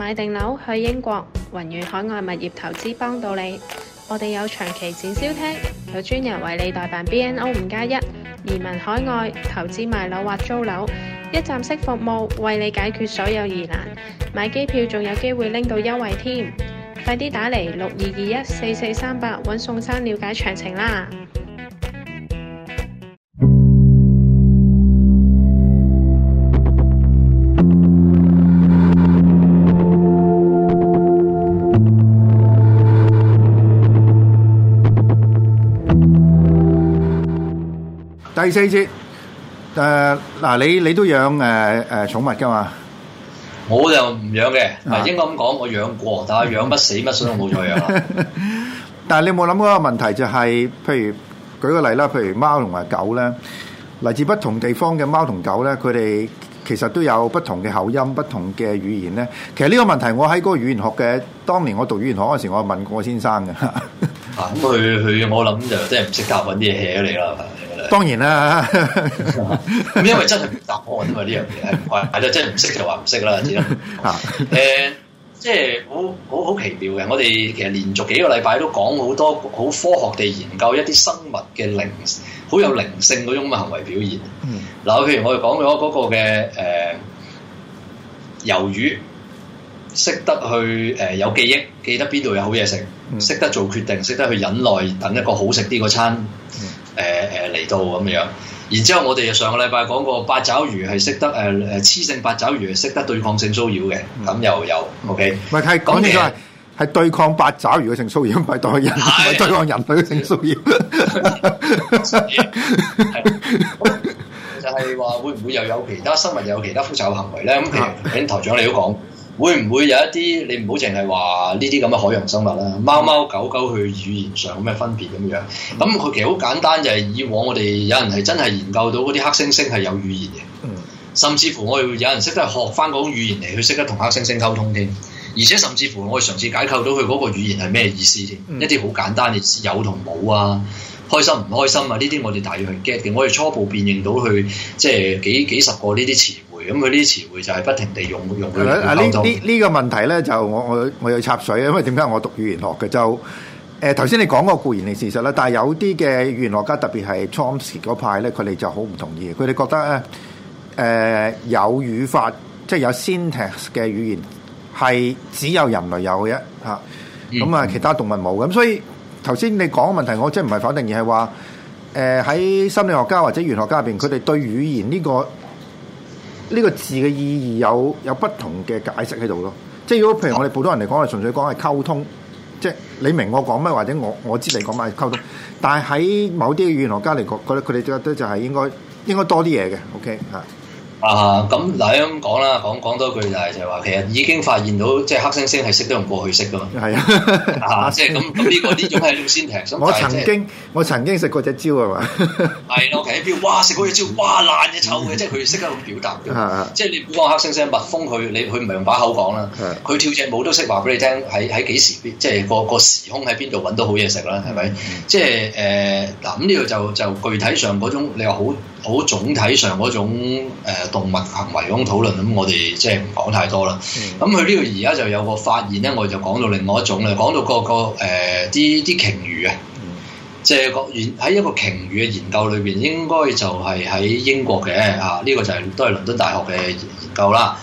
買定樓去英國，宏遠海外物業投資幫到你。我哋有長期展銷廳，有專人為你代辦 BNO 五加一移民海外投資賣樓或租樓，一站式服務為你解決所有疑難。買機票仲有機會拎到優惠添，快啲打嚟六二二一四四三八搵宋生了解詳情啦。四姐，誒，嗱，你你都養誒誒寵物噶嘛？我就唔養嘅，嗱，應該咁講，我養過，但係養不死，乜水都冇咗佢啊。但係你有冇諗過一個問題？就係，譬如舉個例啦，譬如貓同埋狗咧，嚟自不同地方嘅貓同狗咧，佢哋其實都有不同嘅口音、不同嘅語言咧。其實呢個問題，我喺嗰個語言學嘅，當年我讀語言學嗰陣時，我問過先生嘅。啊，咁佢佢，我諗就真係唔識答搵啲嘢嚟啦。當然啦， 因為真係冇答案，因為呢樣嘢係買咗真係唔識就話唔識啦，知啦。誒，即係好好好奇妙嘅。我哋其實連續幾個禮拜都講好多好科學地研究一啲生物嘅靈，好有靈性嗰種行為表現。嗱、嗯，譬如我哋講咗嗰個嘅誒、呃、魷魚，識得去誒、呃、有記憶，記得邊度有好嘢食，識、嗯、得做決定，識得去忍耐等一個好食啲嗰餐。嗯誒誒嚟到咁樣，然之後我哋上個禮拜講過八爪魚係識得誒誒，雌性八爪魚係識得對抗性騷擾嘅，咁又有 OK。唔係，講嘢就係，係對抗八爪魚嘅性騷擾，唔係對人，唔係對抗人類嘅性騷擾 就係、係、話會唔會又有其他生物有其他複雜行為咧？咁其實請台、啊嗯、長你都講。會唔會有一啲？你唔好淨係話呢啲咁嘅海洋生物啦，貓貓狗狗去語言上有咩分別咁樣？咁佢其實好簡單，就係以往我哋有人係真係研究到嗰啲黑猩猩係有語言嘅，甚至乎我哋有人識得學翻嗰種語言嚟去識得同黑猩猩溝通添。而且甚至乎我哋嘗試解構到佢嗰個語言係咩意思添，嗯、一啲好簡單嘅有同冇啊，開心唔開心啊，呢啲我哋大約係 get 嘅，我哋初步辨認到佢，即係幾幾十個呢啲詞。咁佢啲詞彙就係不停地用用佢嚟溝通。啊呢呢呢個問題咧，就我我我要插水，因為點解我讀語言學嘅？就誒頭先你講個固然係事實啦，但係有啲嘅語言學家特別係 Chomsky 嗰派咧，佢哋就好唔同意。佢哋覺得咧，誒、呃、有語法即係有 syntax 嘅語言係只有人類有嘅，嚇咁啊、嗯、其他動物冇咁。所以頭先你講嘅問題，我即係唔係反定，而係話誒喺心理學家或者語言學家入邊，佢哋對語言呢、這個。呢個字嘅意義有有不同嘅解釋喺度咯，即係如果譬如我哋普通人嚟講，我純粹講係溝通，即係你明我講咩，或者我我知你講咩係溝通。但係喺某啲語言學家嚟講，覺得佢哋覺得就係應該應該多啲嘢嘅，OK 吓。啊咁嗱，咁、uh, 講啦，講講多句是就係就係話，其實已經發現到，即、就、係、是、黑猩猩係識得用過去式噶嘛。係啊，嚇！ 即係咁，咁呢個呢種係先平。我曾經我曾經食過隻蕉啊嘛？係、嗯、咯，其實譬如哇，食嗰隻蕉哇，爛嘢臭嘅，即係佢識得去表達嘅。即係你估講黑猩猩蜜蜂佢，你佢唔係用把口講啦。佢跳隻舞都識話俾你聽，喺喺幾時邊，即係個個時空喺邊度揾到好嘢食啦？係咪？即係誒嗱，咁、呃、呢個就就具體上嗰種你話好。好總體上嗰種誒動物行為嗰種討論咁，我哋即係唔講太多啦。咁佢呢度而家就有個發現咧，我就講到另外一種咧，講到個個誒啲啲鯨魚啊，即係個研喺一個鯨魚嘅研究裏邊，應該就係喺英國嘅嚇，呢、啊這個就係、是、都係倫敦大學嘅研究啦，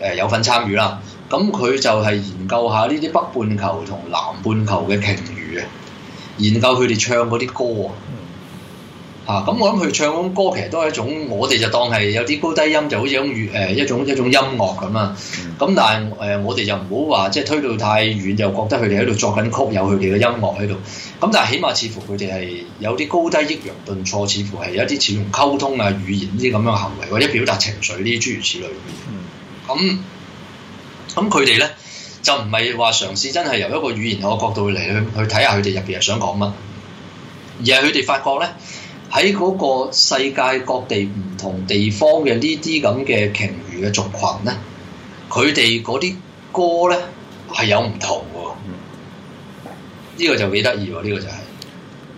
誒、啊、有份參與啦。咁佢就係研究下呢啲北半球同南半球嘅鯨魚啊，研究佢哋唱嗰啲歌啊。啊，咁我諗佢唱嗰種歌，其實都係一種，我哋就當係有啲高低音，就好似一種語、呃、一種一種音樂咁啊。咁但係誒、呃、我哋就唔好話即係推到太遠，又覺得佢哋喺度作緊曲，有佢哋嘅音樂喺度。咁但係起碼似乎佢哋係有啲高低抑揚頓挫，似乎係有一啲似用溝通啊語言呢啲咁樣行為，或者表達情緒呢啲諸如此類。嗯。咁咁佢哋咧就唔係話嘗試真係由一個語言嘅角度嚟去去睇下佢哋入邊係想講乜，而係佢哋發覺咧。喺嗰個世界各地唔同地方嘅呢啲咁嘅鯨魚嘅族群咧，佢哋嗰啲歌咧係有唔同嘅。嗯，呢個就幾得意喎，呢個就係。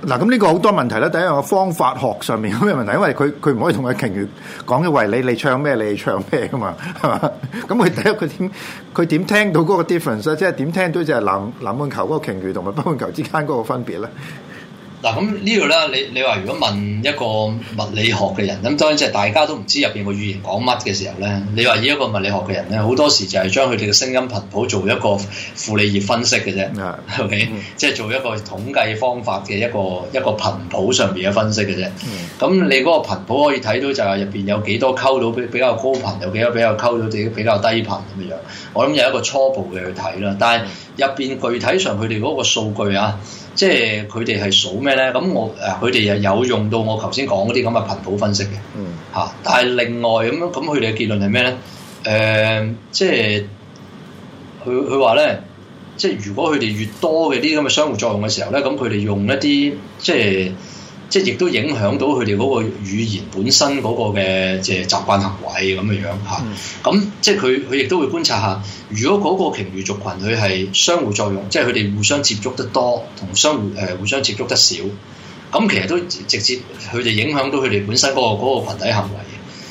嗱咁呢個好多問題啦。第一個方法學上面有咩問題？因為佢佢唔可以同個鯨魚講嘅話，你你唱咩你唱咩噶嘛，係嘛？咁佢第一佢點佢點聽到嗰個 difference？即係點聽到就係南南半球嗰個鯨魚同埋北半球之間嗰個分別咧？嗱咁呢度咧，你你話如果問一個物理學嘅人，咁當然即係大家都唔知入邊個語言講乜嘅時候咧，你話以一個物理學嘅人咧，好多時就係將佢哋嘅聲音頻譜做一個傅立葉分析嘅啫，Okay？即係做一個統計方法嘅一個一個頻譜上邊嘅分析嘅啫。咁、嗯、你嗰個頻譜可以睇到就係入邊有幾多溝到比比較高頻，有幾多比較溝到啲比較低頻咁嘅樣。我諗有一個初步嘅去睇啦，但係入邊具體上佢哋嗰個數據啊～即係佢哋係數咩咧？咁我誒佢哋又有用到我頭先講嗰啲咁嘅頻譜分析嘅，嚇、嗯啊。但係另外咁樣，咁佢哋嘅結論係咩咧？誒、呃，即係佢佢話咧，即係如果佢哋越多嗰啲咁嘅相互作用嘅時候咧，咁佢哋用一啲即係。即係亦都影響到佢哋嗰個語言本身嗰個嘅即係習慣行為咁樣樣嚇。咁即係佢佢亦都會觀察下，如果嗰個鯨魚族群，佢係相互作用，即係佢哋互相接觸得多，同相互誒互相接觸得少，咁其實都直接佢哋影響到佢哋本身嗰個嗰個羣體行為嘅。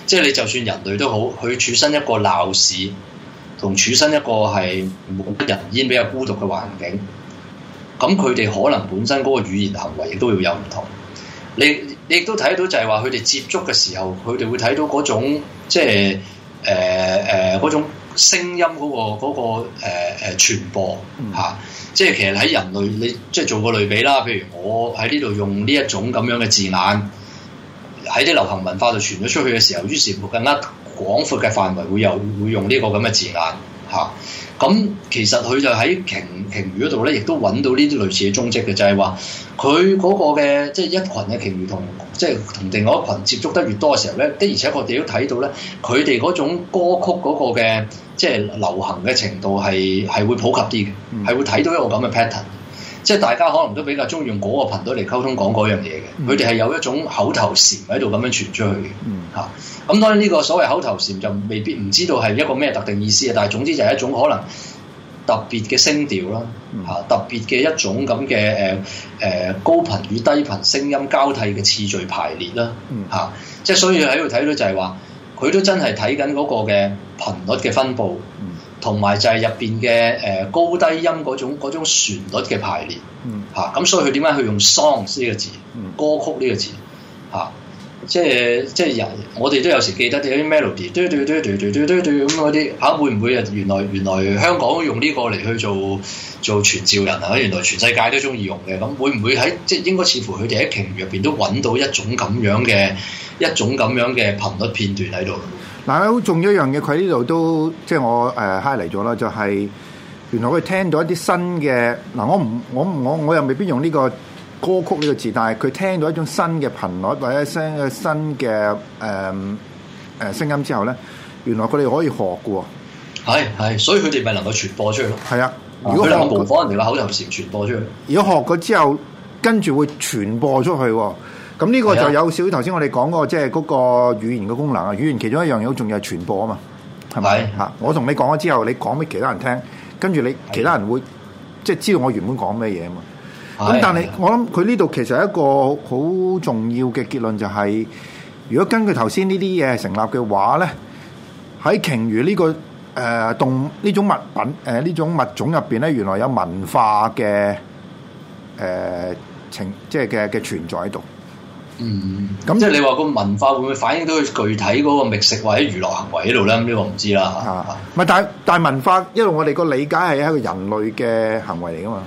即係你就算人類都好，佢處身一個鬧市，同處身一個係冇人煙比較孤獨嘅環境，咁佢哋可能本身嗰個語言行為亦都要有唔同。你你亦都睇到就係話佢哋接觸嘅時候，佢哋會睇到嗰種即係誒誒嗰種聲音嗰個嗰個誒、呃、傳播嚇、啊。即係其實喺人類，你即係做個類比啦。譬如我喺呢度用呢一種咁樣嘅字眼，喺啲流行文化度傳咗出去嘅時候，於是乎更加廣闊嘅範圍會有會用呢個咁嘅字眼。嚇！咁、啊、其實佢就喺鯨鯨魚嗰度咧，亦都揾到呢啲類似嘅蹤跡嘅，就係話佢嗰個嘅即係一群嘅鯨魚同即係、就是、同另外一群接觸得越多嘅時候咧，的而且確我哋都睇到咧，佢哋嗰種歌曲嗰個嘅即係流行嘅程度係係會普及啲嘅，係、嗯、會睇到一個咁嘅 pattern。即係大家可能都比較中意用嗰個頻道嚟溝通講嗰樣嘢嘅，佢哋係有一種口頭禪喺度咁樣傳出去嘅嚇。咁、嗯啊、當然呢個所謂口頭禪就未必唔知道係一個咩特定意思啊，但係總之就係一種可能特別嘅聲調啦嚇、啊，特別嘅一種咁嘅誒誒高頻與低頻聲音交替嘅次序排列啦嚇、啊啊。即係所以喺度睇到就係話，佢都真係睇緊嗰個嘅頻率嘅分佈。嗯嗯。同埋就係入邊嘅誒高低音嗰種，種旋律嘅排列，嚇咁、嗯啊、所以佢點解去用 songs 呢個字，嗯、歌曲呢個字嚇、啊？即係即係人，我哋都有時記得啲 melody，咁嗰啲嚇。會唔會啊？原來原來香港用呢個嚟去做做傳召人啊？原來全世界都中意用嘅，咁會唔會喺即係應該似乎佢哋喺鯨入邊都揾到一種咁樣嘅一種咁樣嘅頻率片段喺度？但係，好重要一樣嘢，佢呢度都即係我誒揩嚟咗啦，就係原來佢聽到一啲新嘅嗱，我唔我我我又未必用呢個歌曲呢個字，但係佢聽到一種新嘅頻率或者聲嘅新嘅誒誒聲音之後咧，原來佢哋可以學嘅喎，係係，所以佢哋咪能夠傳播出去咯。係啊，如果佢夠模仿人哋嘅口頭禪傳播出去，如果學過之後，跟住會傳播出去。咁呢個就有少少頭先我哋講嗰個即係嗰個語言嘅功能啊，語言其中一樣嘢好重要係傳播啊嘛，係咪？嚇的，我同你講咗之後，你講俾其他人聽，跟住你其他人會即係知道我原本講咩嘢啊嘛。咁的但係我諗佢呢度其實係一個好重要嘅結論就係、是，如果根據頭先呢啲嘢成立嘅話咧，喺鯨魚呢、這個誒動物呢種物品誒呢、呃、種物種入邊咧，原來有文化嘅誒、呃、情，即係嘅嘅存在喺度。嗯，咁即係你話個文化會唔會反映到佢具體嗰個覓食或者娛樂行為喺度咧？呢個唔知啦。啊，唔係、啊，但但文化，因為我哋個理解係一個人類嘅行為嚟噶嘛，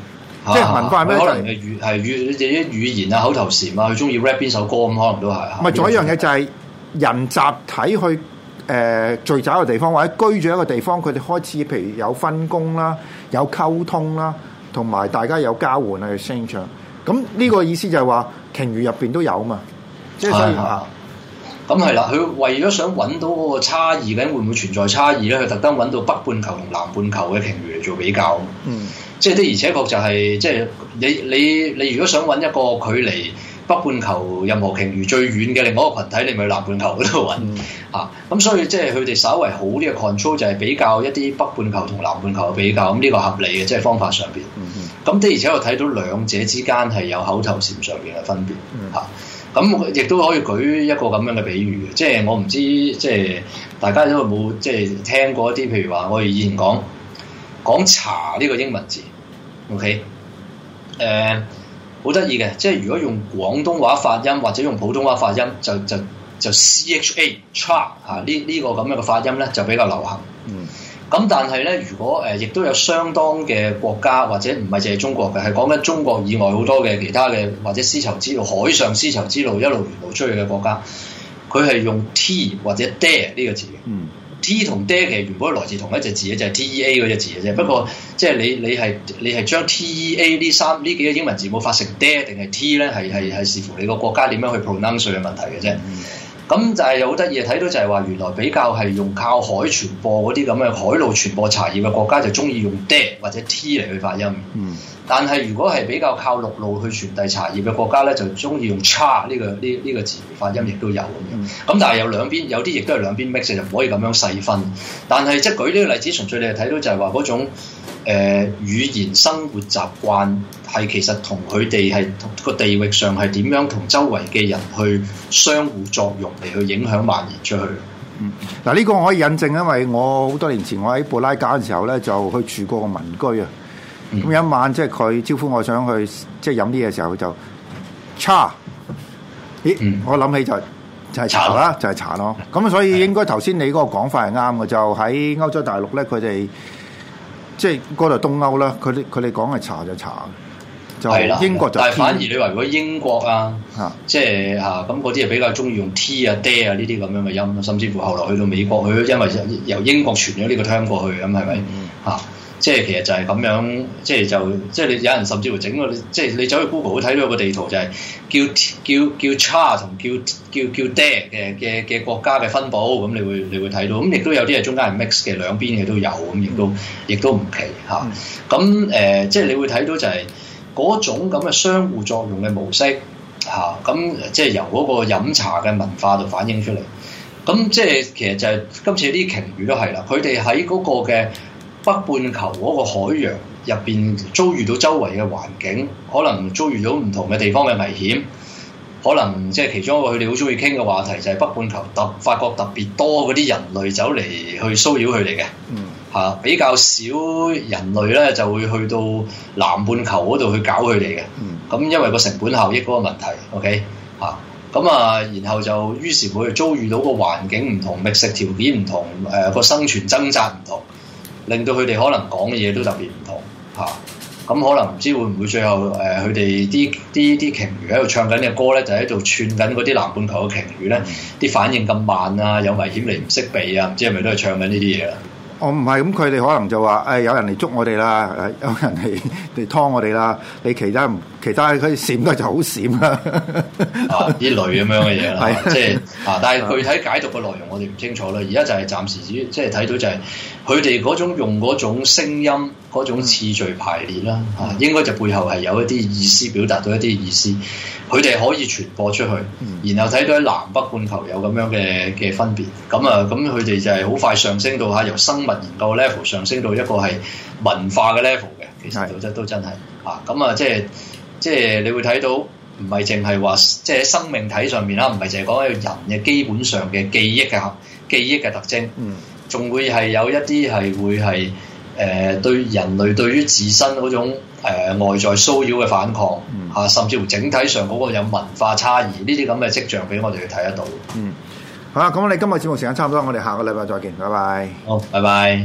啊、即係文化咧、啊，可能係語系語，語言啊、口頭禪啊，佢中意 rap 邊首歌咁，可能都係。唔係、啊，仲有一樣嘢就係人集體去誒、呃、聚集一個地方或者居住一個地方，佢哋開始，譬如有分工啦、有溝通啦，同埋大家有交換啊嘅聲唱。咁呢個意思就係話鯨魚入邊都有嘛，即係啊，咁係啦，佢為咗想揾到嗰個差異咧，會唔會存在差異咧？佢特登揾到北半球同南半球嘅鯨魚嚟做比較，嗯，即係的而且確就係，即係你你你如果想揾一個距離。北半球任何鯨魚最遠嘅另外一個群體，你咪去南半球嗰度揾啊！咁所以即係佢哋稍為好啲嘅 control 就係比較一啲北半球同南半球嘅比較，咁、嗯、呢、這個合理嘅即係方法上邊。咁、mm hmm. 的而且確睇到兩者之間係有口頭禪上邊嘅分別嚇。咁亦、mm hmm. 啊、都可以舉一個咁樣嘅比喻即係、就是、我唔知即係、就是、大家都有冇即係聽過一啲譬如話我哋以前講講查呢個英文字，OK？誒、uh,。好得意嘅，即係如果用廣東話發音或者用普通話發音，就就就 C H A trap 嚇呢呢個咁樣嘅發音呢就比較流行。嗯。咁但係呢，如果誒、呃、亦都有相當嘅國家或者唔係淨係中國嘅，係講緊中國以外好多嘅其他嘅或者絲綢之路、海上絲綢之路一路沿路出去嘅國家，佢係用 T 或者 de 呢個字嘅。嗯。T 同爹其實原本來自同一隻字嘅，就係、是、T E A 嗰隻字嘅啫。不過即係、就是、你你係你係將 T E A 呢三呢幾個英文字母發成爹定係 T 咧，係係係視乎你個國家點樣去 pronounce 嘅問題嘅啫。嗯。咁就係好得意睇到就係話原來比較係用靠海傳播嗰啲咁嘅海路傳播茶葉嘅國家就中意用 d 或者 t 嚟去發音。嗯。但係如果係比較靠陸路去傳遞茶葉嘅國家咧，就中意用 cha 呢、呢個呢呢、呢個呢個字發音，亦都有咁樣。咁、嗯嗯、但係有兩邊有啲亦都係兩邊 mix，就唔可以咁樣細分。但係即係舉呢個例子，純粹你係睇到就係話嗰種。誒、呃、語言、生活習慣係其實同佢哋係個地域上係點樣同周圍嘅人去相互作用嚟去影響蔓延出去。嗯，嗱呢個我可以引證，因為我好多年前我喺布拉格嘅時候咧，就去住過個民居啊。咁有、嗯、一晚即係佢招呼我想去即係飲啲嘢時候就差，咦，嗯、我諗起就茶 就係茶啦，就係茶咯。咁、嗯、所以應該頭先你嗰個講法係啱嘅，就喺歐洲大陸咧，佢哋。即係嗰度東歐啦，佢哋佢哋講係查就查，就英國就。但係反而你話如果英國啊，啊即係嚇咁嗰啲係比較中意用 T 啊、D 啊呢啲咁樣嘅音，甚至乎後來去到美國，佢因為由英國傳咗呢個音過去，咁係咪嚇？嗯啊即係其實就係咁樣，即係就即係你有人甚至乎整個，即係你走去 Google 睇到個地圖就係叫叫叫茶同叫叫叫爹嘅嘅嘅國家嘅分佈，咁你會你會睇到，咁亦都有啲係中間係 mix 嘅，兩邊嘅都有，咁亦都亦都唔奇嚇。咁、啊、誒、呃，即係你會睇到就係、是、嗰種咁嘅相互作用嘅模式嚇。咁、啊、即係由嗰個飲茶嘅文化就反映出嚟。咁即係其實就係、是、今次啲鯨魚都係啦，佢哋喺嗰個嘅北半球嗰個海洋入邊，遭遇到周圍嘅環境，可能遭遇到唔同嘅地方嘅危險，可能即係其中一個佢哋好中意傾嘅話題，就係北半球特發覺特別多嗰啲人類走嚟去騷擾佢哋嘅，嚇、嗯啊、比較少人類咧就會去到南半球嗰度去搞佢哋嘅，咁、嗯、因為個成本效益嗰個問題，OK 嚇咁啊，然後就於是會遭遇到個環境唔同、覓食條件唔同、誒、呃、個生存掙扎唔同。令到佢哋可能講嘅嘢都特別唔同嚇，咁、啊、可能唔知會唔會最後誒佢哋啲啲啲鯨魚喺度唱緊嘅歌咧，就喺度串緊嗰啲南半球嘅鯨魚咧，啲、嗯、反應咁慢啊，有危險嚟唔識避啊，唔知係咪都係唱緊呢啲嘢啦？我唔係咁，佢哋可能就話誒有人嚟捉我哋啦，有人嚟嚟劏我哋啦，你其他其他係佢閃得就好閃 、啊、啦，啊呢類咁樣嘅嘢啦，即係啊，但係具體解讀嘅內容我哋唔清楚啦。而家就係暫時只即係睇到就係佢哋嗰種用嗰種聲音嗰種次序排列啦，啊，應該就背後係有一啲意思表達到一啲意思，佢哋可以傳播出去，然後睇到喺南北半球有咁樣嘅嘅分別，咁啊，咁佢哋就係好快上升到嚇、啊、由生物研究 level 上升到一個係文化嘅 level 嘅，其實就真都真係是的 啊，咁啊，即係。即係你會睇到，唔係淨係話，即係喺生命體上面啦，唔係淨係講一個人嘅基本上嘅記憶嘅，記憶嘅特徵，嗯，仲會係有一啲係會係誒、呃、對人類對於自身嗰種、呃、外在騷擾嘅反抗，啊，甚至乎整體上嗰個有文化差異呢啲咁嘅跡象，俾我哋去睇得到。嗯，好啦，咁我哋今日節目時間差唔多，我哋下個禮拜再見，拜拜。好、哦，拜拜。